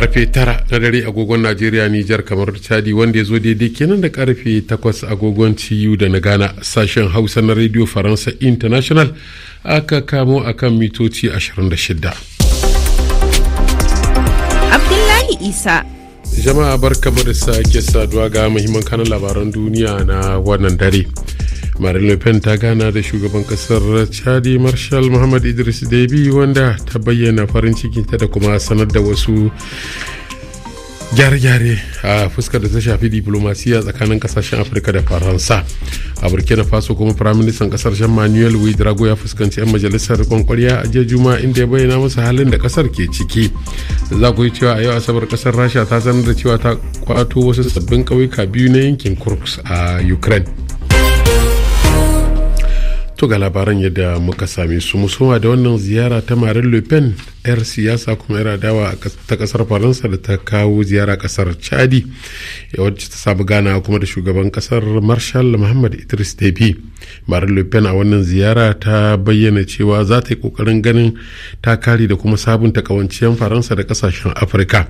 karfe tara na dare agogon najeriya nijar kamar chadi wanda ya zo daidai kenan da karfe takwas agogon ciyu da na ghana sashen hausa na radio faransa international aka kamo akan mitoci 26 abdullahi isa jama'a barkamu da sake saduwa ga muhimman kanan labaran duniya na wannan dare Marine Le Pen ta gana da shugaban kasar Chadi Marshal Muhammad Idris Deby wanda ta bayyana farin cikinta da kuma sanar da wasu gyare-gyare a fuskar da ta shafi diplomasiya tsakanin kasashen afirka da faransa a burkina faso kuma firaministan kasar jean manuel widrago ya fuskanci 'yan majalisar kwankwariya a jiya juma inda ya bayyana masa halin da kasar ke ciki za ku yi cewa a yau asabar kasar rasha ta sanar da cewa ta kwato wasu sabbin ƙauyuka biyu na yankin kurks a ukraine to ga labaran yadda muka same su musamman da wannan ziyara ta marin le 'yar siyasa kuma 'yar adawa ta kasar faransa da ta kawo ziyara kasar chadi wacce ta samu gana kuma da shugaban kasar marshal muhammad idris debi marin lupin a wannan ziyara ta bayyana cewa za ta yi kokarin ganin ta kare da kuma sabunta kawanciyar faransa da kasashen afirka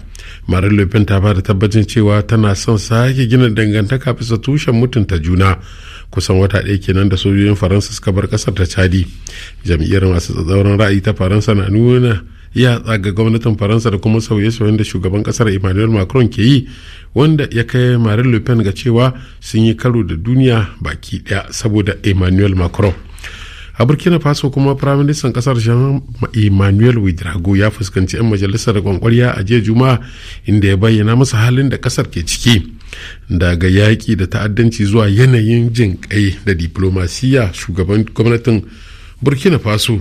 marin lupin ta ba da tabbacin cewa tana son sake gina dangantaka bisa tushen mutunta juna kusan wata ɗaya kenan da sojojin faransa suka bar kasar ta chadi jam'iyyar masu tsatsauran ra'ayi ta faransa na nuna ya tsaga gwamnatin faransa da kuma sauye-sauyen da shugaban kasar emmanuel macron ke yi wanda ya kai marine le ga cewa sun yi karo da duniya baki daya saboda emmanuel macron a burkina faso kuma firaministan kasar jean emmanuel widrago ya fuskanci 'yan majalisar kwankwariya a jiya juma'a inda ya bayyana masa halin da kasar ke ciki daga yaƙi da ta'addanci zuwa yanayin jin kai da diplomasiya shugaban gwamnatin burkina faso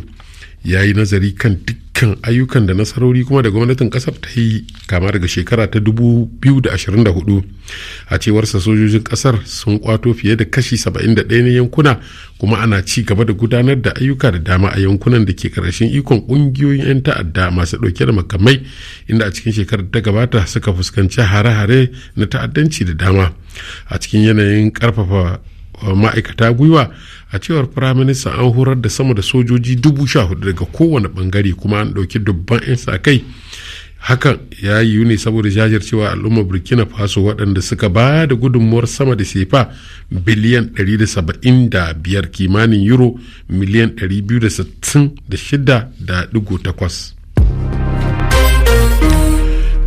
ya yi nazari kan duk kan ayyukan da nasarori kuma da gwamnatin kasar ta yi kama daga shekara ta 2024 a cewarsa sojojin kasar sun kwato fiye da kashi 71 na yankuna kuma ana ci gaba da gudanar da ayyuka da dama a yankunan da ke karashin ikon kungiyoyin 'yan ta'adda masu dauke da makamai inda a cikin shekarar ta gabata suka fuskanci hare-hare na ta'addanci da dama a cikin yanayin karfafa ma'aikata gwiwa a cewar firaministan an horar da sama da sojoji dubu sha hudu daga kowane bangare kuma an ɗauki dubban 'yan sa kai hakan ya yiwu ne saboda jajircewa al'ummar burkina faso waɗanda suka ba da gudunmuwar sama da sefa biliyan 175 kimanin euro miliyan 266.8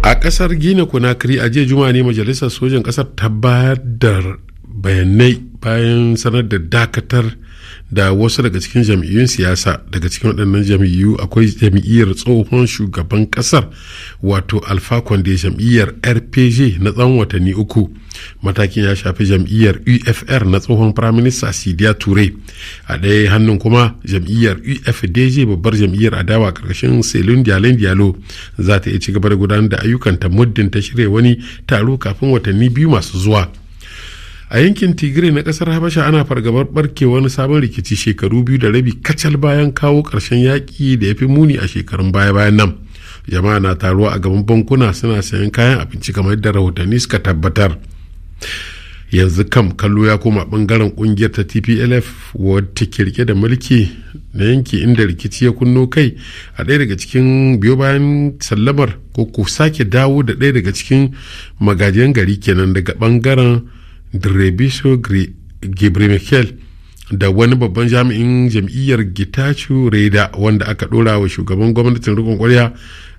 a ƙasar gina konakiri a jiya juma ne majalisar sojan kasar ta bayar da bayanai bayan sanar da dakatar da wasu daga cikin jam'iyyun siyasa daga cikin waɗannan jam'iyyu akwai jam'iyyar tsohon shugaban ƙasar wato alfa kwande jam'iyyar rpg na tsawon watanni uku matakin ya shafi jam'iyyar ufr na tsohon firaminista sidiya ture a ɗaya hannun kuma jam'iyyar ufdj babbar jam'iyyar adawa ƙarƙashin selun dialen dialo za ta iya ci gaba da gudanar da ayyukanta muddin ta shirya wani taro kafin watanni biyu masu zuwa a yankin tigray na kasar habasha ana fargabar barke wani sabon rikici shekaru biyu da rabi kacal bayan kawo karshen yaƙi da ya fi muni a shekarun baya bayan nan jama'a na taruwa a gaban bankuna suna sayan kayan abinci kamar yadda rahotanni suka tabbatar yanzu kam kallo ya koma bangaren kungiyar ta tplf wadda ke rike da mulki na yanki inda rikici ya kunno kai a ɗaya daga cikin biyo bayan sallamar ko ku sake dawo da ɗaya daga cikin magajiyan gari kenan daga bangaren direbiso gebremichael da wani babban jami'in jam'iyyar gitachu reda wanda aka dora wa shugaban gwamnatin rikon kwarya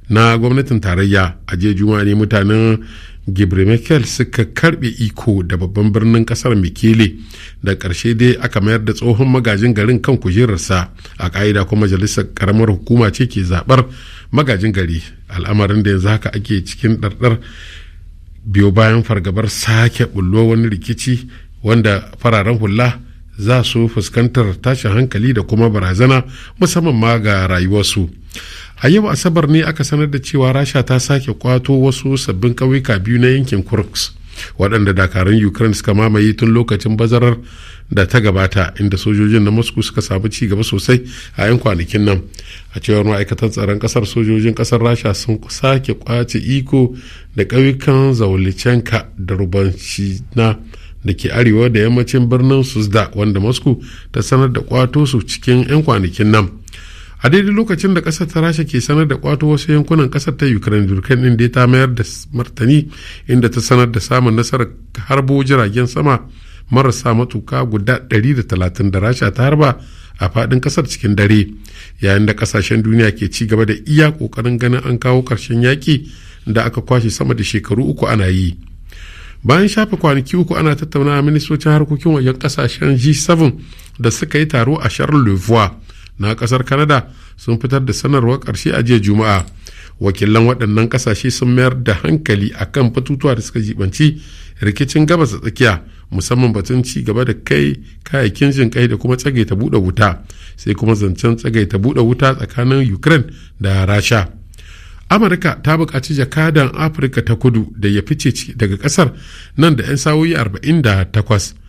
na gwamnatin tarayya a jiya juma'a ne mutanen gibrimikel suka karbe iko da babban birnin kasar mikele da ƙarshe dai aka mayar da tsohon magajin garin kan kujerarsa a ka'ida kuma majalisar karamar hukuma ce ke zabar magajin gari al'amarin da yanzu haka ake cikin ɗarɗar biyo bayan fargabar sake bullo wani rikici wanda fararen hula za su fuskantar tashin hankali da kuma barazana musamman ma ga rayuwarsu a yau asabar ne aka sanar da cewa rasha ta sake kwato wasu sabbin ƙauyuka biyu na yankin kurks waɗanda dakarun ukraine suka mamaye tun lokacin bazarar da ta gabata inda sojojin na moscow suka samu ci gaba sosai a 'yan kwanakin nan a cewar ma'aikatan tsaron kasar sojojin kasar rasha sun sake kwace iko da ƙauyukan zaulichenka da rubanshina da ke arewa da yammacin birnin suzda wanda moscow ta sanar da kwato su cikin 'yan kwanakin nan a daidai lokacin da kasar ta rasha ke sanar da kwato wasu yankunan kasar ta ukraine durkan din ya ta mayar da martani inda ta sanar da samun nasarar harbo jiragen sama marasa matuka guda 130 da rasha ta harba a fadin kasar cikin dare yayin da kasashen duniya ke ci gaba da iya kokarin ganin an kawo karshen yaki da aka kwashe sama da shekaru uku ana yi bayan shafe kwanaki uku ana tattaunawa ministocin harkokin wajen kasashen g7 da suka yi taro a charles na kasar canada sun fitar da sanarwar ƙarshe a jiya juma'a wakilan waɗannan ƙasashe sun mayar da hankali a kan batutuwa da suka jibanci rikicin gabas tsakiya musamman batun ci gaba da kai kayayyakin jin kai da kuma ta buɗe wuta sai kuma zancen ta buɗe wuta tsakanin ukraine da rasha amurka ta buƙaci jakadan afirka ta kudu da ya fice daga ƙasar nan da 'yan sa'o'i 48